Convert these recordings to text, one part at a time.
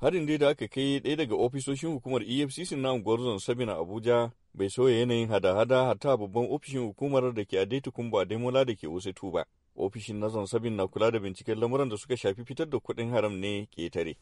Harin dai da aka kai ɗaya daga ofisoshin hukumar EFCC na unguwar Sabina Abuja bai sauya yanayin hada-hada hatta babban ofishin hukumar da ke Adaitu Kumba daimola da ke Osetu ba. Ofishin na zonsabin na kula da binciken lamuran da suka shafi fitar da kuɗin haram ne ketare.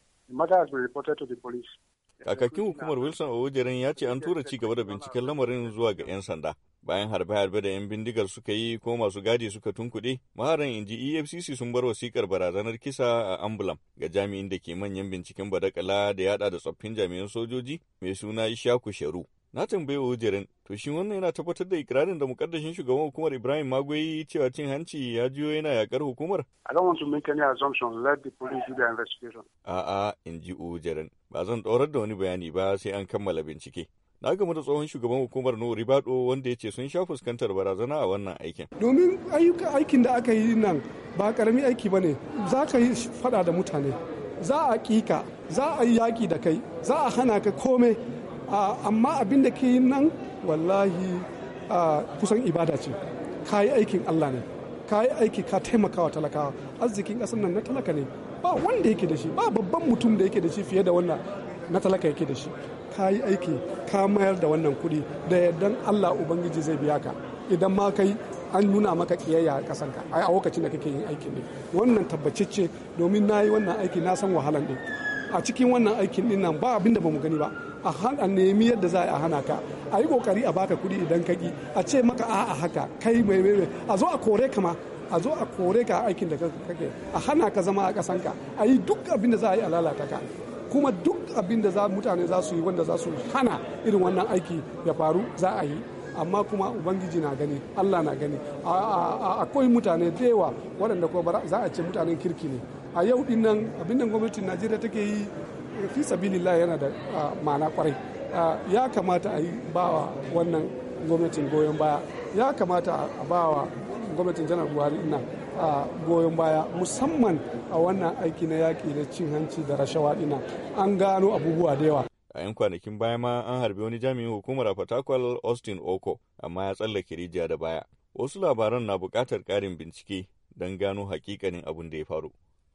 Kakakin hukumar Wilson a Owojeren ya ce an tura ci gaba da binciken lamarin zuwa ga 'yan sanda. bayan harbe-harbe da 'yan bindigar suka yi ko masu gadi suka tunkuɗe maharan ji efcc sun bar wasikar barazanar kisa a ambulam ga jami'in da ke manyan binciken badakala da yada da tsoffin jami'an sojoji mai suna ishaku sharu na tambaye wujerin to shi wannan yana tabbatar da ikirarin da mukaddashin shugaban hukumar ibrahim magoyi cewa cin hanci ya juyo yana yakar hukumar i don't want to make any assumption let the police do the investigation a'a in ji wujerin ba zan ɗorar da wani bayani ba sai an kammala bincike na gamu da tsohon shugaban hukumar no ribado wanda ya ce sun sha fuskantar barazana a wannan aikin domin aikin da aka yi nan ba karami aiki ba ne za ka yi fada da mutane za a kika za a yi yaki da kai za a hana ka komai amma abin da ke yi nan wallahi kusan ibada ce ka yi aikin allah ne ka yi aiki ka taimakawa talakawa arzikin ƙasar nan na talaka ne ba wanda yake da shi ba babban mutum da yake da shi fiye da wannan na talaka yake da shi ka yi aiki ka mayar da wannan kuɗi da yardan allah ubangiji zai biya ka idan ma kai an nuna maka kiyayya a kasanka a lokacin da kake yin aiki ne wannan tabbacecce domin na yi wannan aiki na san wahalan ɗin a cikin wannan aikin ɗin nan ba abin da ba mu gani ba a nemi yadda za a hana ka a yi kokari a baka kuɗi idan ka ki a ce maka a'a haka kai mai mai a zo a kore ka ma a zo a kore ka aikin da kake a hana ka zama a kasanka a yi duk abinda da za a yi a lalata ka kuma duk abin da mutane za su yi wanda za su hana irin wannan aiki ya faru za a yi amma kuma ubangiji na gani allah na gani akwai mutane da yawa waɗanda kuma za a ce mutanen kirki ne a yau din nan abin nan gwamnatin najeriya take yi fi sabilillah yana da mana kwarai ya kamata a yi bawa wannan gwamnatin goyon baya ya kamata a bawa gwamnatin janar buhari ina a goyon baya musamman a wannan aiki na yaƙi da cin hanci da rashawa ina an gano abubuwa da yawa a 'yan kwanakin baya ma an harbi wani jami'in hukumar fatakwal austin oko amma ya tsallake rijiya da baya wasu labaran na buƙatar ƙarin bincike don gano hakikanin abin da ya faru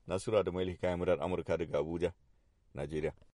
nasura da mai kayan murar amurka daga abuja najeriya